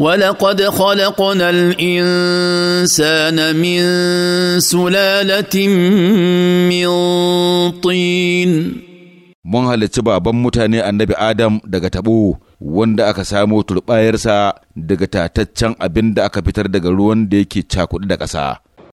ولقد خلقنا الانسان من سلاله من طين mun halicci baban mutane annabi adam daga tabo wanda aka samo turbayarsa daga tataccen abin da aka fitar daga ruwan da yake cakudu da ƙasa